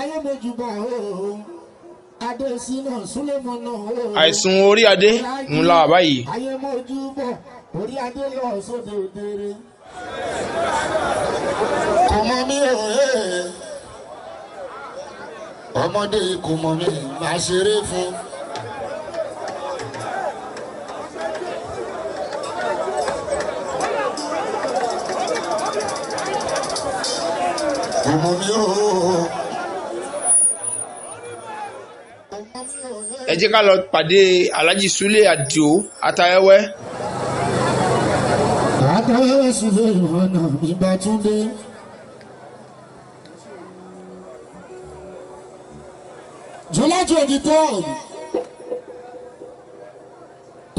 ayálémejùbà o adésínà súlẹ̀mọ́nà o. àìsùn orí adé ń la báyìí. ayémojúbọ̀ orí adé lọ sóde òdere. kò mọ mi ò ẹ́ eh. ọmọdé kò mi máa ṣeré fún. ọmọ mi ò. ẹ jẹ́ ká lọ pàdé alhaji sule adio atayẹwẹ́. àtàwé sule ọ̀nà ìgbà tún dé. July twenty third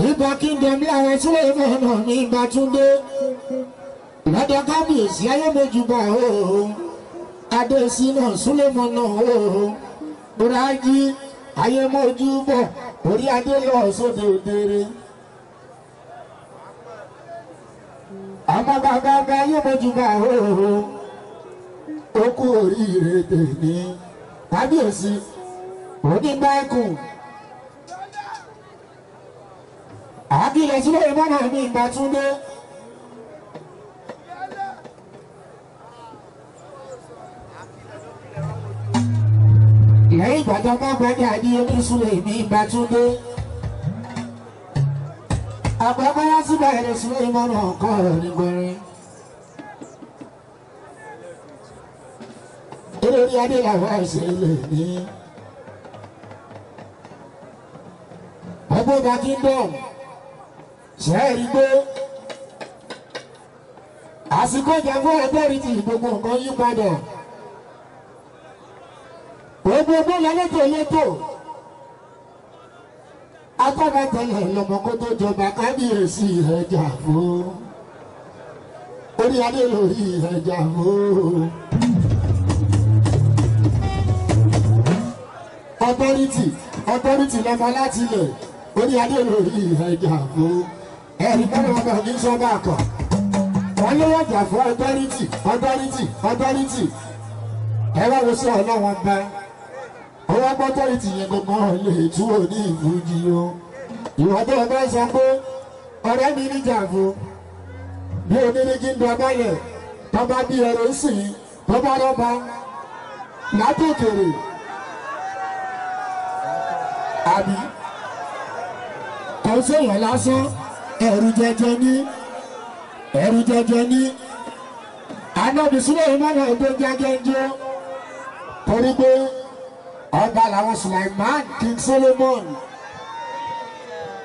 ìbọn kingdom làwọn sílẹ̀ ìmọ̀ọ́nà ní ìgbà tún dé lọ́dọ̀ kábíyèsí ayémojúbà ooo adésínà súlẹ̀mọ́nà ooo bùrájí ayé mojú bọ̀ orí adé lọ sóde òdere. àmọ́ bàbá bá ayé mojú bọ̀ òhòhò ó kú oríire tèmi kábíyèsí onígbàkù. àbí ilẹ̀ sílẹ̀ ìmọ̀ràn mi ìgbà tún dé. lẹ́yìn ìgbà tó bá gbọ́dọ̀ àdíyébí súlẹ̀ ìbí ìgbà tún dé àgbàgbọ́wá síbẹ̀ ẹ̀rẹ̀ sílẹ̀ ìmọ̀nà ọ̀kọ́ rẹ̀ nígbẹ̀rin olórí adéyàwó àìsè ilé ní ọgbọ́gba kingdom ṣẹ́ẹ̀rí gbé àsìkò ìjàmbá ẹgbẹ́ rí ti gbogbo nǹkan yí ogbogbo lálejò létò agbára tẹlẹ lọmọkó tó jọba kábíyèsí ẹjà fún orí adé lórí ẹjà fún. authority authority lọmọ láti ilẹ̀ orí adé lórí ẹjà fún. ẹ̀rí kọ́ni wọn bá kí n sọ́ba àkàn wọ́n lé fún authority authority authority ẹ̀rọ wo sí ọlọ́wọ́n bá bóyá gbọ́tọ̀ ìtìyẹn gangan lè tú òní ìfújì o ìwà tó o bá sọ pé ọ̀rẹ́ mi ní jàǹfù bí onílé kí n dọ̀ báyẹ̀ tọ́ba bí ẹrọ ń sìn tọ́ba rọ́ba látòkèrè àbí kò séèyàn lásán ẹ̀rù jẹjẹ ní ẹ̀rù jẹjẹ ní anábìsúlẹ̀ ìmọ̀nà ètò jẹjẹ ń jẹ́ torí pé ọba làwọn Sulaiman King Solomon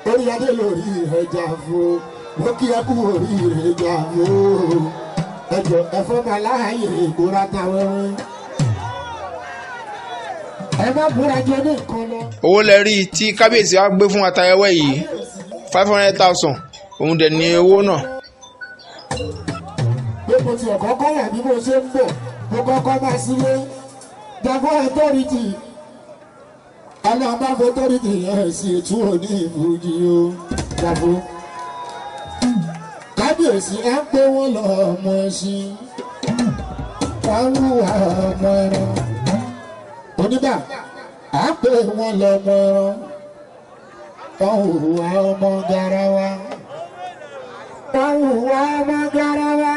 orí adé lórí ẹja fún mo kí ẹ kú orí ẹja fún ẹjọ ẹfọmọ aláhàyè ìkóra táwọn ẹ má búra jẹ ní nǹkan lọ. owó lẹ rí i tí kábíyèsí wa gbé fún atayẹwẹ yìí five hundred thousand òun dẹ̀ ní owó náà. pé mo ti ọ̀kọ́kọ́ wà ni mo ṣe ń bọ̀ mo kọ́kọ́ máa sílé dàgbọ́ ẹ̀ tó rí jì ẹni abáfo torí kìyàn ẹ̀sìn ètò òní ìfújì o dàbò. kábíyèsí á pé wọ́n lọ ọmọ ẹṣin wọ́n wúwa ọmọ ẹran onígbà á pé wọ́n lọ ọmọ ẹran wọ́n hùwà ọmọ garawa wọ́n hùwà ọmọ garawa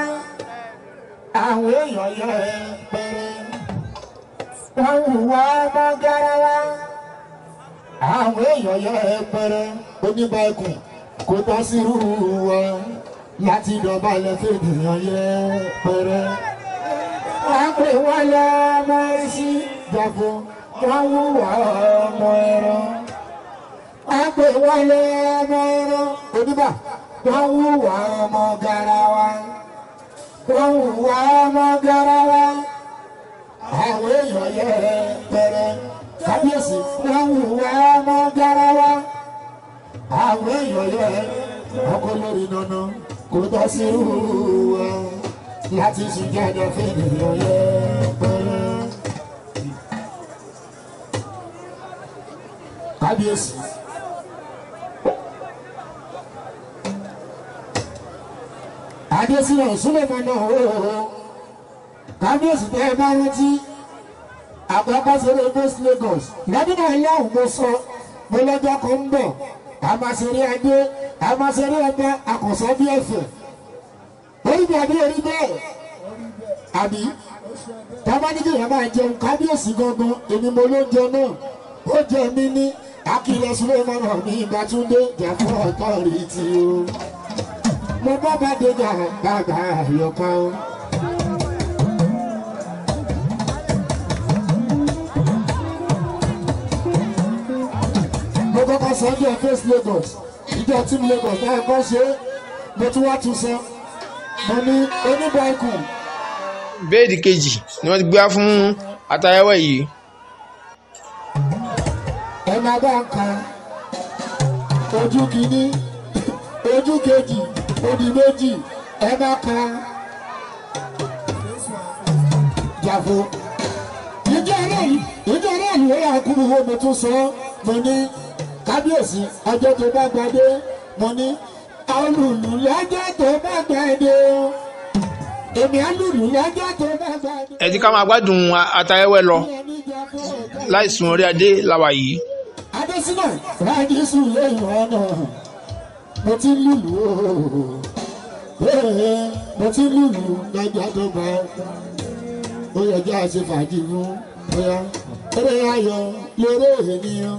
àwọn èèyàn yọ ẹ pẹrẹ wọ́n hùwà ọmọ garawa àwọn èèyàn yọ ẹpẹrẹ oníbàkùn kò tọ́ sírú wa láti dọ̀bálẹ̀ fèdèyàn yẹ pẹrẹ. wọ́n pè wọ́n lọ́mọ sí jàfọ́ wọ́n wúwà ọmọ ẹran. wọ́n pè wọ́n lọ́mọ ẹran oníbà wọ́n wúwà ọmọ garawa. wọ́n wúwà ọmọ garawa. àwọn èèyàn yẹ pẹrẹ kábíyèsí wọn wùwà ọmọ garawa àwọn èèyàn yọ ẹ ọkọ lórí nana kò tọ́ sí wùwà láti ṣùjọ́ ọjọ́ fèmí yọ pẹ́rẹ́. kábíyèsí. adésínà súnlẹ̀ mọ́nà ooo kábíyèsí tẹ́ ẹ bá rántí àkọ́kọ́ ṣeré Eagles Lagos ìdájọ́ náà yá òun sọ pé lọ́jọ́ kan ń bọ̀ ká máa ṣeré ajé ká máa ṣeré ẹgbẹ́ àkọ́sọ́ bí ẹ̀fẹ̀ orí bí àbí orí bẹ́ẹ̀ àbí tábánijì yẹn máa jẹun kábíyèsí gangan èmi mo ló jẹ náà ó jẹ mí ní akílẹ̀ Suleiman ọ̀mí Ìbátúndé jẹ ọ̀tọ̀ rí ti o mo bá bá dé jà bàbá kan sọ ní ọ̀fẹ́sì Lagos ìjọ team Lagos náà kan ṣe é mo tún wá tún sọ mo ní oníbàákù. bẹ́ẹ̀dì kejì ni wọ́n ti gbá fún Àtayẹwà yìí. ẹ̀ma bá ń kan ojú kìíní ojú kejì odi méjì ẹ̀ma kan jàfó ìjọ aráàlú ìjọ aráàlú ó yà kúrú wo mo tún sọ mo ní kábíyèsí ọjọ́ tó bá gbadé mo ní alùlù lọ́jọ́ tó bá gbadé o èmi alùlù lọ́jọ́ tó bá gbadé. ẹ ti ká máa gbádùn atayẹwẹ lọ láìsùn orí adé làwà yìí. adésínà ràdísù lẹ́yìn ọ̀nà mo ti lùlù o mo ti lùlù lọ́jọ́ tó bá ó yẹ jẹ́ àṣefàájì fún bóyá eré ayọ̀ lérè ènìyàn.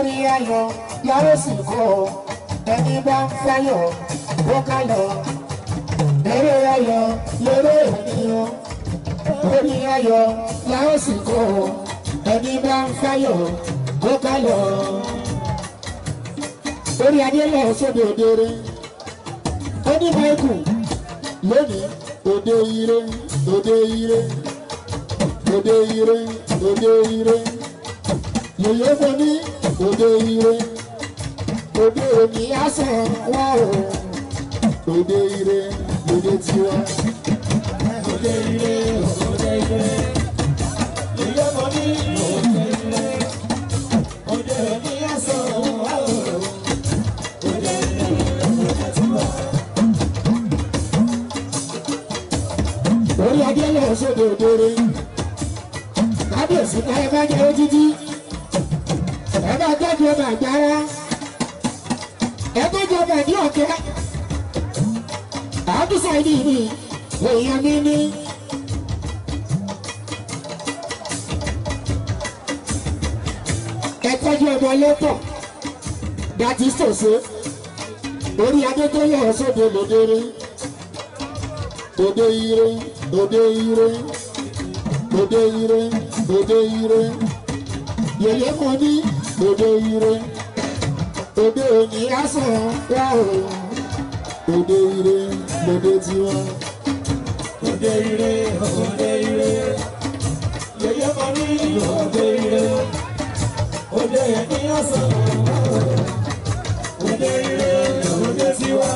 orí ayọ̀ yàrá sì kọ́ ẹni bá ń fáyọ̀ bó ká lọ. Eré ayọ̀ lérè ènìyàn orí ayọ̀ yàrá sì kọ́ ẹni bá ń fáyọ̀ bó ká lọ. Orí adé lọ sóde òdere oní báíkù lónìí òde ire òde ire òde ire òde ire yòyó fún mi òde ire òde òní àṣẹ wọn òde ire òde tiwa òde ire òde ire ilé mo ní òde ire òde òní àṣẹ wọn o òde ire òde tiwa. orí adé lọ sóde òde rẹ kábíyèsí káyọ̀ jẹ́ ojú jọba àgbára ẹ tó jọba ẹ̀dí ọ̀kẹ́ àádùsá ẹni ìní èèyàn mi ní. ẹ tọ́jú ọmọ lọ́pọ̀ dàtí sòsò orí adé tó yẹ ọ sóde lòdè rí lòdè ire lòdè ire lòdè ire lòdè ire yèyé mọ ní òde ire òde ni aso, yá o òde ire òde tiwa. òde ire òde ire yẹyẹ máa ní òde ire òde òní lásán òde ire òde tiwa.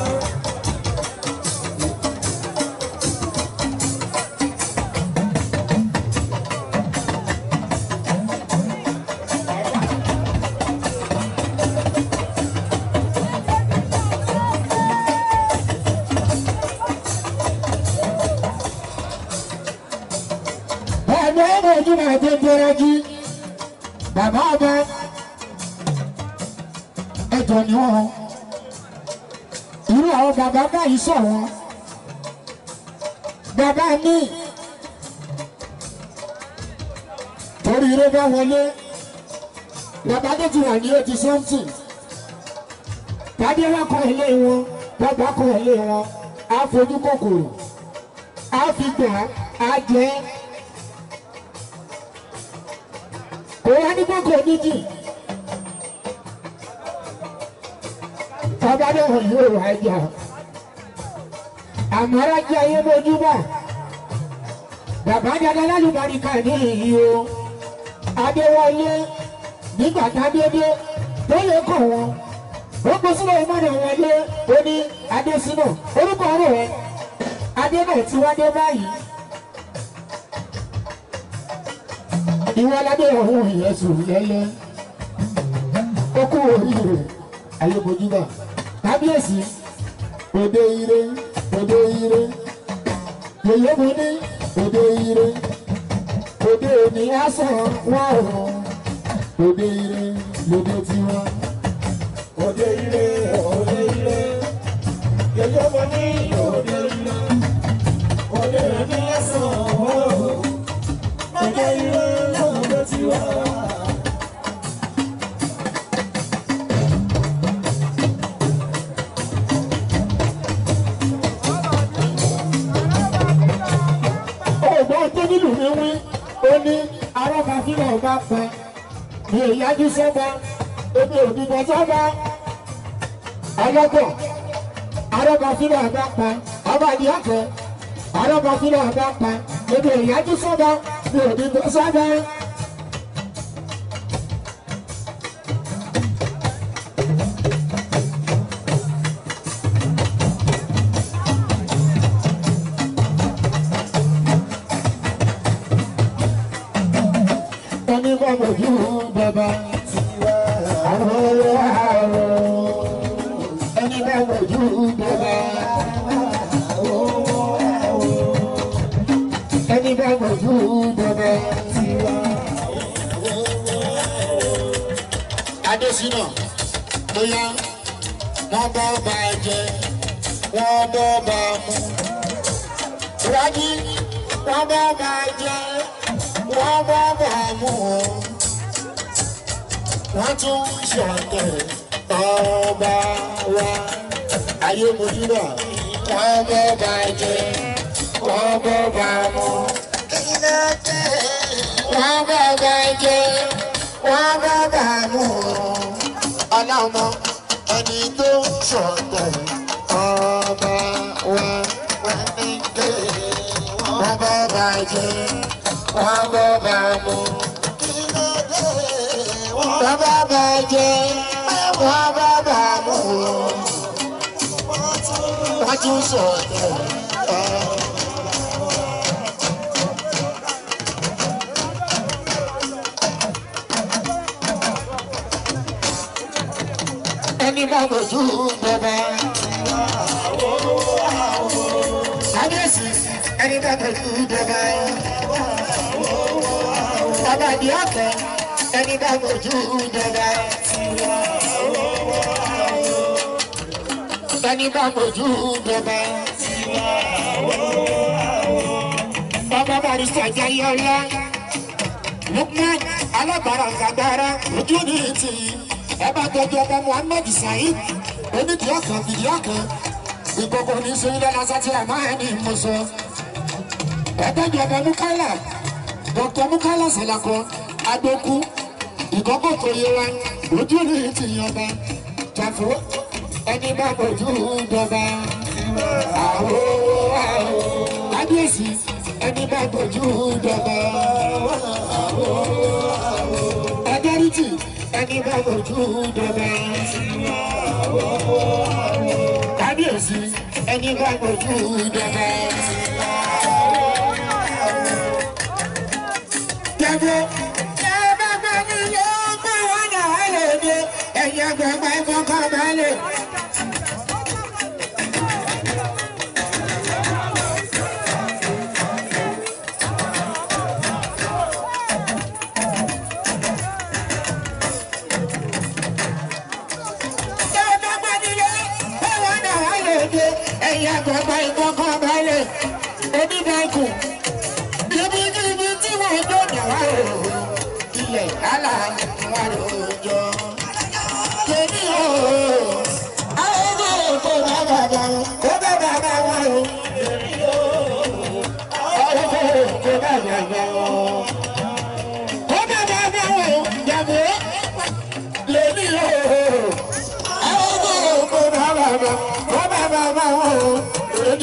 bàbá ọbẹ ẹjọ ni wọn irú àwọn bàbá báyìí sọ̀rọ̀ bàbá mi torí eré bá wọlé bàbá tó ti wà ní eighty something tàbí wọn kọ ilé wọn bàbá kọ ilé wọn àfojúkòkòrò àfigbà àjẹ. kò dídì. Ọba náà yóò wá jà. Àmọ́ra jẹ́ ayé mojúbà. Bàbá dada lálùbáríkà ní ìyí o. Adéwọlé nígbà tádédé tó lè kọ̀ wọ́n. Ó kó sílẹ̀ ìmọ̀nà wọlé oní Adésínà. Orúkọ ọ̀rọ̀ rẹ̀ Adé náà ti wá dé báyìí. ìwọ ládé ọ̀hún ìyẹ́sù lẹ́lẹ́ ó kú oríire ayébojúbà kábíyèsí òde ire òde ire yèyé mu ní òde ire òde òní asán wọn ọ̀rọ̀ òde ire lóde tiwọn. òde ire òde ire yèyé ní. mi wí ó ní arọ́ka fílẹ̀ ọba fa mi ò yájú sọ́ba èmi ò dìbò sọ́ba ọlọ́gbọ̀n arọ́ka fílẹ̀ ọba pa ọba ní ọ̀fẹ́ arọ́ka fílẹ̀ ọba pa èmi ò yájú sọ́ba mi ò wọ́n baje, bàjẹ́ wọ́n gbé bàmú. wọ́n gbé bàjẹ́ wọ́n gbé bàmú. ọlọ́mọ ẹni tó sọ̀tẹ̀ ọba wa wọ́n ní baje, wọ́n gbé bàjẹ́ wọ́n gbé bàmú. wọ́n gbé bàjẹ́ tún sọ ọ̀tẹ̀. ẹni bá bójú bọ́bá. kábíyèsí ẹni bá bójú bọ́bá. bàbá ìdí ọ̀kẹ́ ẹni bá bójú bọ́bá. Sani bá mojú dọba. bàbá barista jayé ọlá Lukman alábàárà gbàgbára ojú ní ti ẹ̀bá tọ́jú ọmọ Muhammed Saheed onídìí ọ̀sán fìdí ọ̀kan ìkókó ní sẹ́yìn lọ́la sátì àmọ́ ẹni ìmọ̀sọ. ẹ̀tọ́jú ọmọ Mukala Dr Mukala Salako adoku ìkókó tó yẹ wa ojú ní ti yọba jàfó ẹni bá fojú jọba àwọ àwọ kábíyèsí ẹni bá fojú jọba àwọ àwọ ọdẹrìtì ẹni bá fojú jọba àwọ àwọ kábíyèsí ẹni bá fojú jọba. Yeah. ẹ̀yẹ́ gbẹ̀gbẹ̀ fọkàn balẹ̀. ọba ìbọn kan ọba ilé onídàákù níbi níbi tí wọ́n ń dọ̀dọ̀ wá rò ilẹ̀ lálàá wá rò.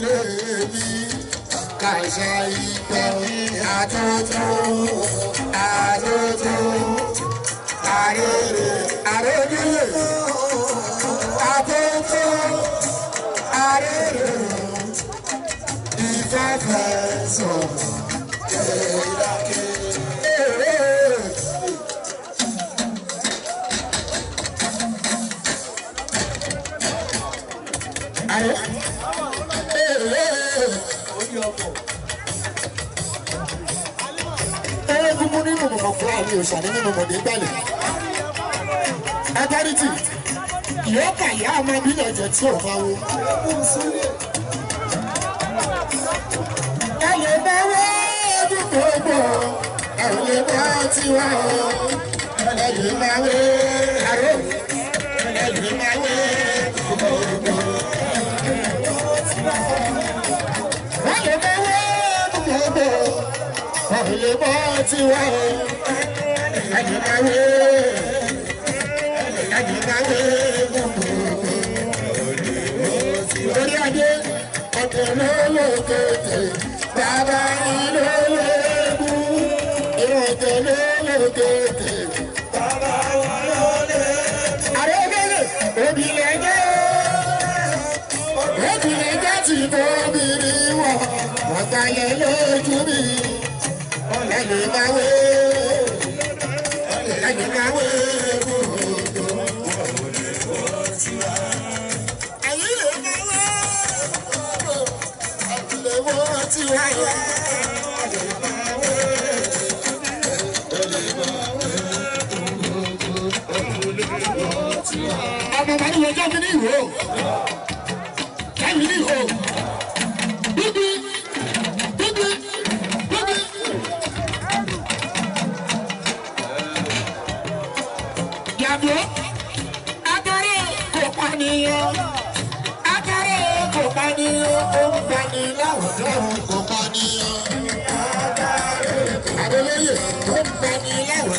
ilé mi kàṣà ìpè mi àtúntò àtúntò àrèrè àrèrè àtúntò àrèrè ìfẹ́fẹ́. nínú mọ̀mọ́ fún àmì òṣàní nínú mọ̀dé gbàlẹ̀. Agbáríjì yóò kà yá ọmọ bílẹ̀ jẹ tí ò máa wo. Ẹ bá wá ọdún gbogbo, ẹ lè bá tiwa o, ẹ máa wé àrò, ẹ máa wé. tiwa o ẹ̀dùnmáwé ẹ̀dùnmáwé gbogbo orí adé ọ̀tọ̀ lọ́wọ́ kẹtẹ bàbá ìlọ́wọ́ ẹ̀kú ìrọ̀tọ̀ lọ́wọ́ kẹtẹ bàbá ìlọ́wọ́ ẹ̀kú. àrẹ́gbẹ́lẹ̀ obìnrin ẹ̀jẹ̀ obìnrin ẹ̀jẹ̀ ti bọ́ obìnrin wọ̀ ọ̀tá yẹn lójú mi ẹnìyàwó ẹnìyàwó gbogbo. ayé lè náwó àdìlẹ́wọ́ tiwa yẹn. ọmọ bá ní wọjọ́ fi ní ìwò.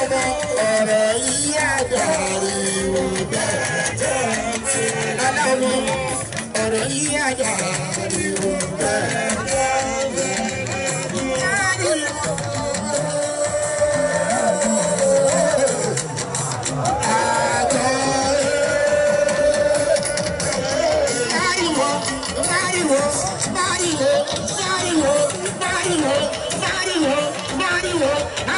ẹ̀bẹ̀ ọ̀rọ̀ yìí àjàrí wò bẹ́ẹ̀ alámi ọ̀rọ̀ yìí àjàrí wò bẹ́ẹ̀. Body work, body work, body work.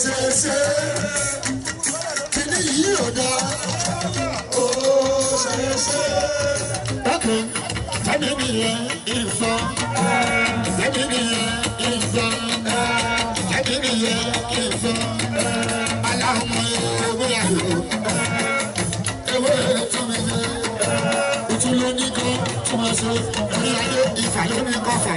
ṣeṣe kìíní yìí ò dáa ó ṣeṣe. Sẹ́mi nìyẹn ìsọ. Sẹ́mi nìyẹn ìsọ. Sẹ́mi nìyẹn ìsọ. Aláhùnmọ́ ewé ayò. Ewé túnmí ṣe. Ojú ló ní kan túnmí ṣe. Orí ayé ìfà ló ní kan fà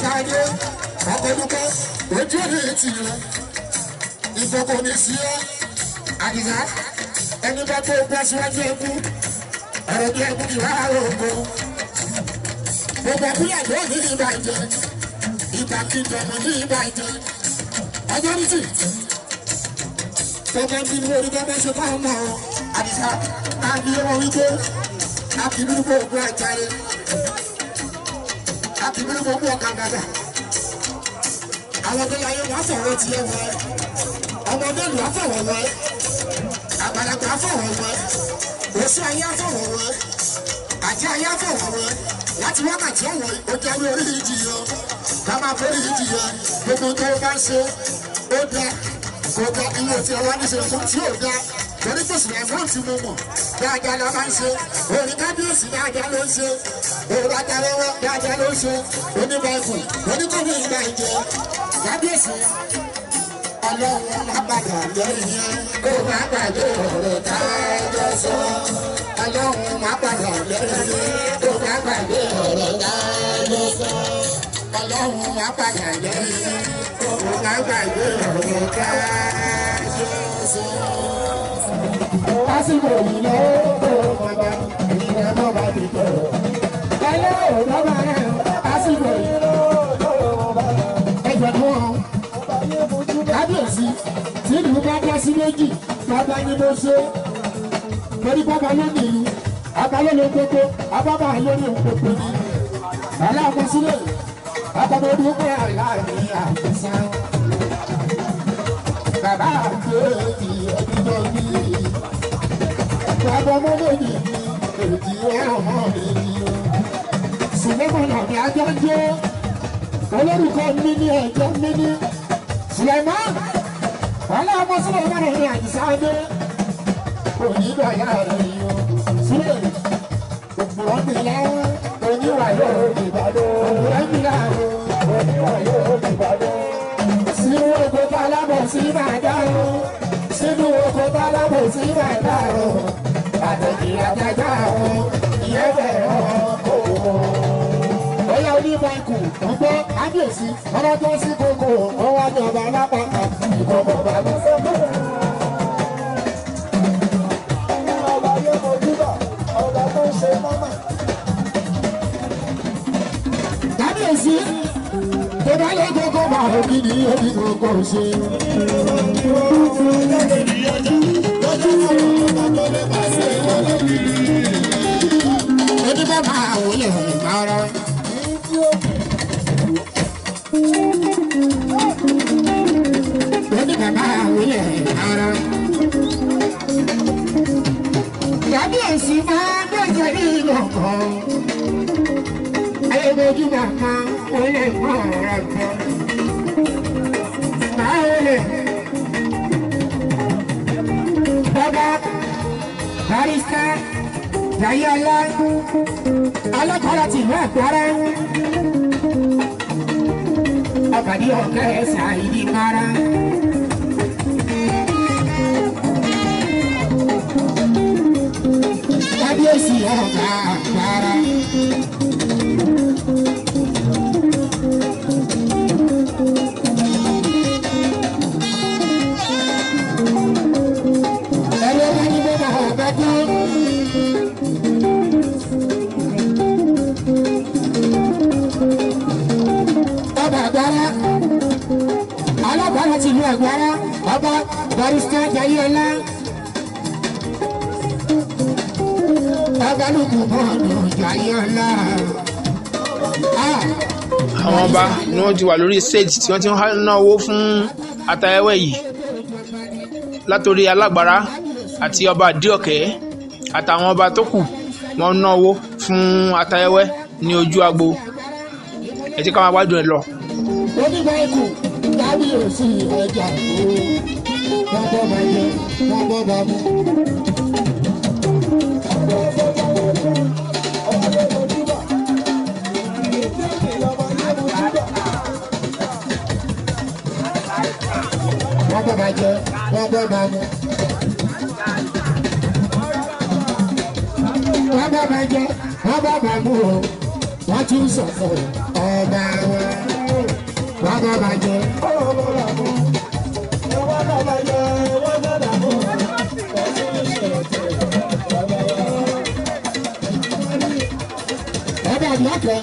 ṣáájú ọkọ̀dúkọ́ ojú òde ti rẹ̀ ìfọkọ̀ ní sí ọ́ àdìgá ẹni bá tó gbọ́ síwájú ẹkú ọ̀rọ̀ bí ẹkú ti rà áwọ̀ ògbó gbogbo fúlàní ò ní ìbàjẹ́ ìbàkíjọ ọmọ ní ìbàjẹ́ ọjọ́ méjì gbogbo ẹbí ni orí gbọ́dọ̀ ṣe fáwọn ọmọ àdìgá àbí ọmọ wípé àbí nínú gbogbo ẹ̀jáde fowó ọ̀kadà dà àwọn ọdún láyé wàá fọwọ́ tiẹ̀ wọ ẹ ọmọdé lù á fọwọ́ wọ àgbàlagbà á fọwọ́ oṣù ayé á fọwọ́ wọ ayé á fọwọ́ wọ ẹ láti ọ̀wọ́ ojú ayé orí yìí yọ ká máa forí yìí di yọ gbogbo tó bá ṣe ó dá kó dá inú òfin ọlọ́dún ṣe fún tí ó dá torí kò sì yẹ fún ti mo mọ̀ dáadáa la máa ń ṣe orin kábíyèsí dáadáa ló ń ṣe òun adarẹwọ dáadáa ló ń ṣe oníbàkù oníkóbi ìgbà ìjẹ kábíyèsí ọlọ́run lábàdà lẹ́yìn ẹ kó má gbàgbé ọ̀rọ̀ tá a jọ sọ ọlọ́run má gbàgbà lẹ́yìn ẹ kó má gbàgbé ọ̀rọ̀ tá a jọ sọ ọlọ́run má gbàgbà lẹ́yìn ẹ kó má gbàgbé ọ̀rọ̀ tá a jọ sọ lásìkò yìí lọ ó tó bàbá ẹ̀yin náà mọ̀ bá ti tọ̀. ẹlẹ́ ò lọ́ba rẹ̀ lásìkò yìí lọ ó tó bàbá. ẹgbẹ́ mú ọ kábíyèsí tí ìlú ni mo ṣe torí bàbá ló ní ìlú bàbá ló lè gbogbo bàbá àti èjì ẹdíjọ bí bàbá ọmọ méjì ni èjì ọmọ méjì o. sùlẹ́mọ̀ náà ni ajọ́ ń jó olórúkọ mi ní ẹ̀jẹ̀ mi ní sùlẹ́mọ̀ ọlọ́mọ sùlẹ́mọ̀ náà ni àyíṣà dé onídọ̀yà rẹ̀ yìí o. sílẹ̀ òpùrọ̀ mi láwọn oníwàyò òbí bàdó òpùrọ̀ mi láwọn oníwàyò òbí bàdó oko tálábọ̀ sí máa dárò sínú oko tálábọ̀ sí máa dárò àtẹ̀jì àtàjà o. ìyẹn bẹ̀rẹ̀ ọ̀hún. bóyá onímọ̀ọ́kù ń gbọ́ ábíyèsí ọlọ́ tó sí koko, wọn wá ní ọba alápàkà ìkọ̀kọ̀ bàbá. bọ̀ ọba tó ń bàbá lè gbogbo máa ń bí ní ẹbí gbogbo ṣe. Ẹni bá máa wọlé ọ̀rẹ́ bá rárá. Ẹni bá máa wọlé ọ̀rẹ́ bá rárá. Kábíyèsí máa ń gbèsè ní ìgbọ̀ngàn ayébójúbà kan ó lè mọ ọ̀rọ̀ kan. Báwo lè bọ́bá barista Jayé Ọlá alákọ̀ọ́lá ti ìlú Àkúrẹ́ ọkàdí ọ̀gá ẹ̀sà ìdí mara. bàbá barista Jayọlá. babalùkù bọ́ọ̀lù Jayọlá. àwọn ọba ni wọ́n ti wà lórí stage tí wọ́n ti ń náwó fún Atayẹwẹ yìí látòrí alágbára àti ọba àdíọ̀kẹ́ àtàwọn ọba tó kù wọ́n náwó fún Atayẹwẹ ní ojú agbo ẹ ti ká máa wájú ẹ lọ kábíyèsí ọjà wọn bọ́ Baba yẹ wọn Baba bá mú. wọ́n bọ́ bá Baba wọ́n bọ́ Baba mú. Baba bọ́ bá Baba wọ́n bọ́ bá mú o wọ́n ti ń sọ̀kọ̀ ọba wọn bàjẹ́ bàjẹ́ ó bọ̀rọ̀ fún ìwọ náà bàjẹ́ ìwọ náà dàbọ̀ ẹ̀sìn ìṣẹ̀lẹ̀ tẹ̀ ẹ̀dá àbíyàkẹ́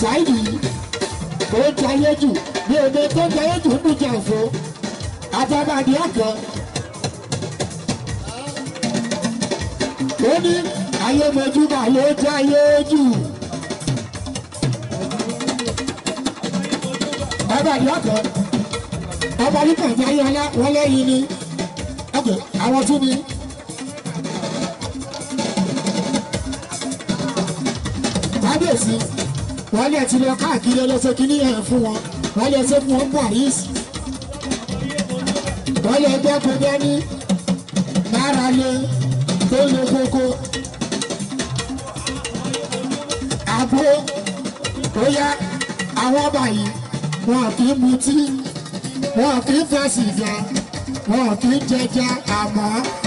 ṣáìdì tó jayé jù ní èdè tó jayé jù ń dùjà òfo àjàgbà àbíyàkẹ́ ó ní ayé mojúbà ló jayé jù. ọba àdìyàkọ ọba olùkọ́ ìjayé ọlá wọn lẹ́yìn ni ọkọ àwọn tún ni. kábíyèsí wọn lè ti lọ káàkiri ọlọ́sẹ̀ kínní yẹn fún wọn wọn lè ṣe fún wọn Paris wọn lè gbẹ kọjá ní náírà lé tó lè kókó àgbo ó yá àwọn ọba yìí wọn kì í mutí wọn kì í fẹsìgà wọn kì í jẹjà àmọ́.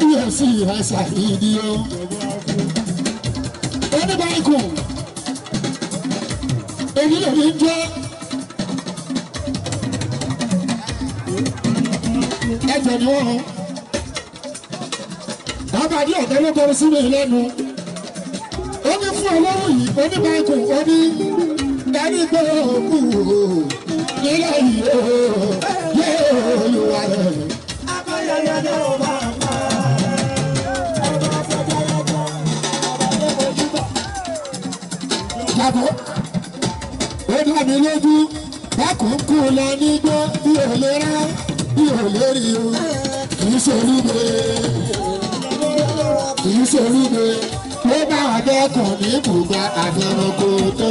kábíyèsí ìhàṣà ìdíyọ oníbàákùn èmi lè ní jọ. ẹ̀jẹ̀ ni wọ́n bàbáàdé ọ̀gá ló bọ́rọ̀ sí mi lẹ́nu ó ní fún ọlọ́run yìí oníbàákùn ó ní dárí gbọ́ òkú nílẹ̀ yìí ó yẹ́ olúwa rẹ̀. mi lójú dákun kú lọ nígbó bí ò lè rán bí ò lè rí o kì í ṣe olúbe kì í ṣe olúbe ló bá wà dẹ́kun ní ibùgbà àfẹnukò tó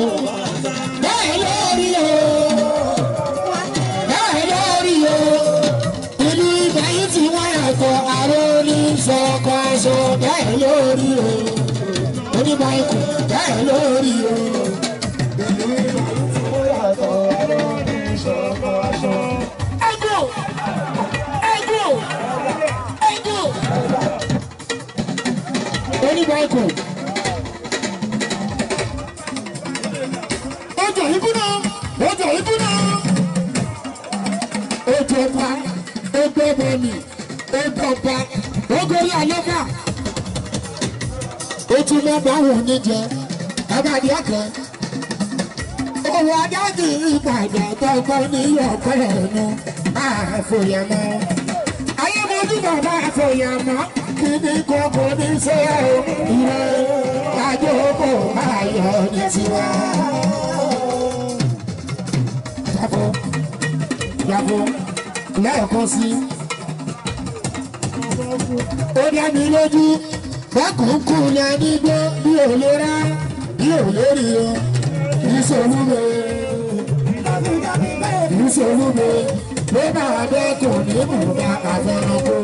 bẹ́ẹ̀ lórí o bẹ́ẹ̀ lórí o ìlú ìgbàyí tí wọ́n yàtọ̀ àrò ní sọkọ̀ọ́sọ bẹ́ẹ̀ lórí o onímọ̀ ikùn bẹ́ẹ̀ lórí o. ọkọ̀. Ọjọ́ ikú náà, ọjọ́ ikú náà. Ojú ọba, ojú ọba mi, ojú ọba, ogori àlọ́fà. Ojú mọ́ba wò ní jẹ, abàdí ọkọ̀. Owó adájú Ìbàdàn tọ́kọ́ ní ọ̀pọ̀ ẹ̀nu, àfòyàmọ́. Ayé mojú bàbá àfòyàmọ́ kíní kókó ní sẹ́yìn ìrẹ́ ajókò máa yọ ní tiwa. Yàgò yàgò lẹ́ẹ̀kan sí i. Ó dá mi lójú bákùnkù ní ẹni gbé bí ò bí ò o kì í ṣòwú mi kì í ṣòwú mi ló bá a dẹ́kun ní bùbá àfẹnukú.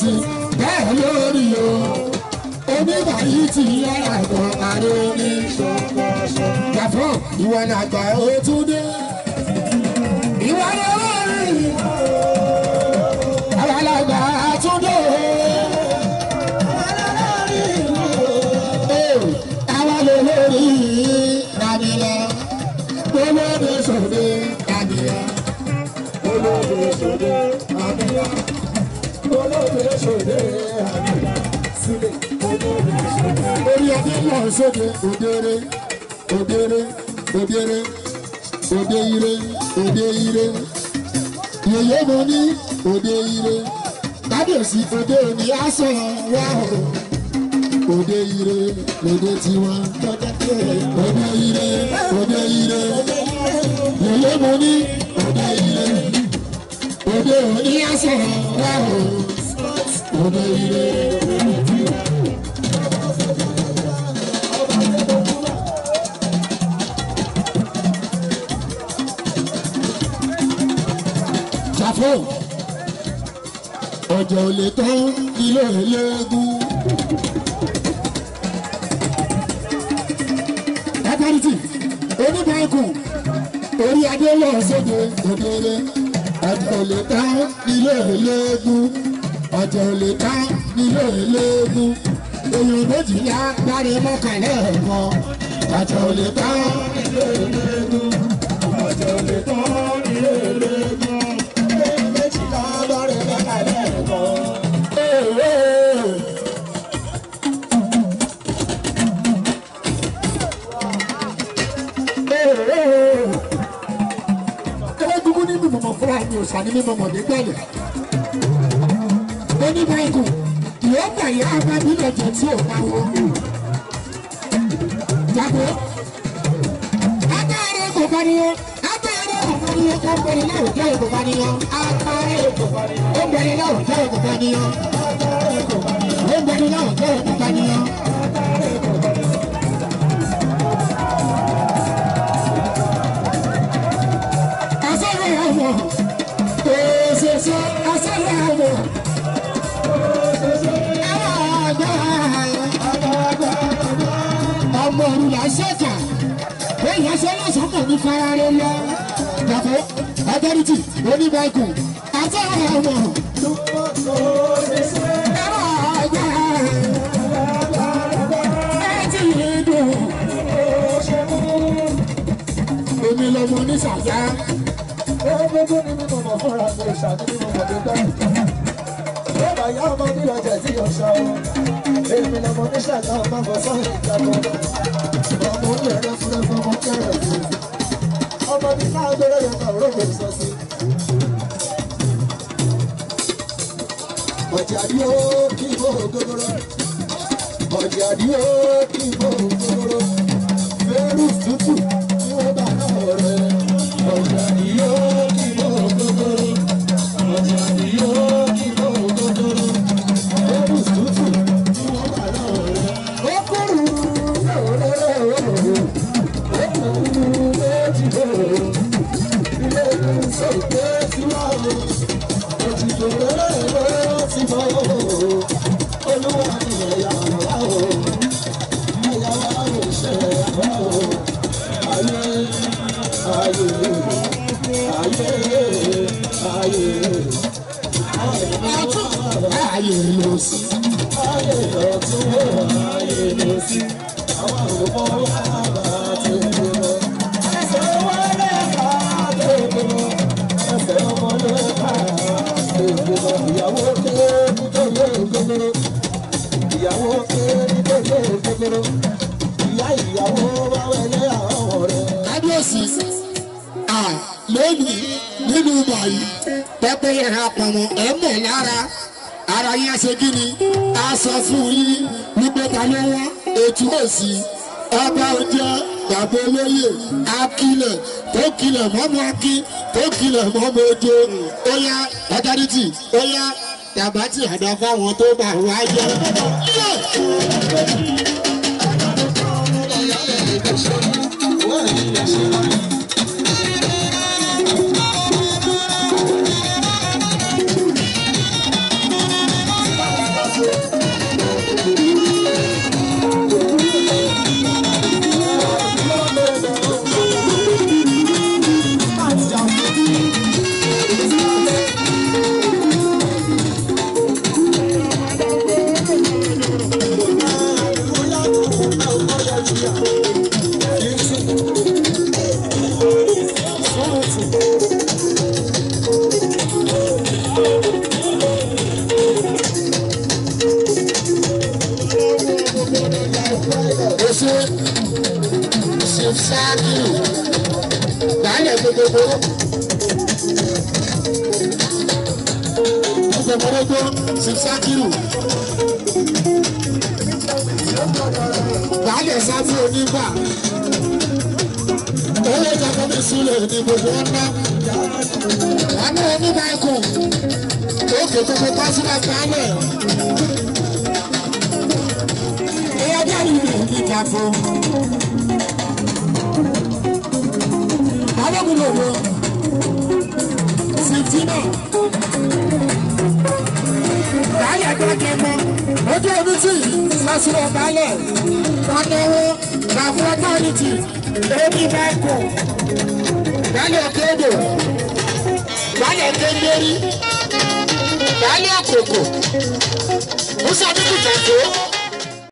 sí bẹ́ẹ̀ lórí o onígbà yìí ti yára kan àrẹ ní ṣọkọṣọ. Gàfọ́ ìwà nàgbà ó tún dé. Ìwà náà. wọn sóde òdere òdere òdere òde ire òde ire yèyé mo ní òde ire kábíyèsí òde òní á sọ̀rọ̀ wá o òde ire òde tiwa òde ire òde ire yèyé mo ní òde ire òde òní á sọ̀rọ̀ òde ire. ọ̀jọ̀ ò lè tán kìlọ̀ eléégún. ọ̀pọ̀lìtì oníbàákùn orí adé lọ sóde òdere ọ̀jọ̀ ò lè tán kìlọ̀ eléégún ọ̀jọ̀ lè tán kìlọ̀ eléégún èèyàn méjìlá gbáre mọ́kànlá ẹ̀gbọ́n ọ̀jọ̀ lè tán kìlọ̀ eléégún. ògùn sani mímọ mọ̀dé gbẹ̀lẹ̀. onímọ̀ ẹ̀kùn ìyá bàyá abábílẹ̀ jẹ́ tí ò máa wọ́n mú. jàpé agbára èkó kọ́niyàn agbára èkó kọ́niyàn ọ̀gbẹ̀rẹ̀ náà ò jẹ́ èkó kọ́niyàn agbára èkó kọ́niyàn ọ̀gbẹ̀rẹ̀ náà ò jẹ́ èkó kọ́niyàn ọ̀gbẹ̀rẹ̀ náà ò jẹ́ èkó kọ́niyàn. fara rẹ lọ jàpọ authority oníbàkùn àti àwọn ọmọ. ẹ̀rọ agbára ẹ̀ ti dùn. èmi lọmọ ní sàyà. gbogbo ni mímọ mọ fúnra mi ṣàkóso mọ mọdé gbà. bàbá yá ọmọ ní ọjà tí yọ ṣá o. èmi lọmọ ní sàyà ọmọ bọ̀ sọ́yìn ìjàpọ̀. ọmọ òun yẹrẹ fúnra fọmọ kẹrẹ fún mi ọmọ mi náà gbọ́dọ̀ yọ ọ̀rọ̀ kò sọ sí. ọ̀jà ni ó kí n bò gbogbo ọ̀jà ni ó kí n bò gbogbo fẹ́rù tútù. kedere ìyá ìyàwó bá wẹlé àwọn ọ̀rẹ́. kábíyèsí lónìí nínú báyìí pẹpẹ yẹn hàn pọnmọ ẹ mọ lára ara yẹn ṣe kí ni a sọ fún yín wípé ta ló wá ètò òsì ọba ọjọ́ bàbá olóyè akilẹ̀ tó kilẹ̀ mọ́mọ́ akí tó kilẹ̀ mọ́mọ́ ojo ó yá ọ̀tárítì ó yá tàbátì àdá tó bá wá Gracias. gbogbo ṣìṣàkìrù. Bàálẹ̀ sá fún onígbà. Owó kankan mi sílẹ̀ ní gbogbo ọ̀nà. Àná onígbà ikùn. Òkè gbogbo pásítà kálẹ̀. Ẹyẹ dárí rẹ̀ ní ìjàfó. Balógun lòwò. Sìtínà baálẹ̀ gbọ́dọ̀ mọ ojú omi tí lọ́sọ̀rọ̀ baálẹ̀ tọ́nẹ́wó làwọn ọ̀tọ́rìtì èmi michael baálẹ̀ kéde baálẹ̀ kéńdérí baálẹ̀ àkókò musa bíbí tẹ̀síọ́.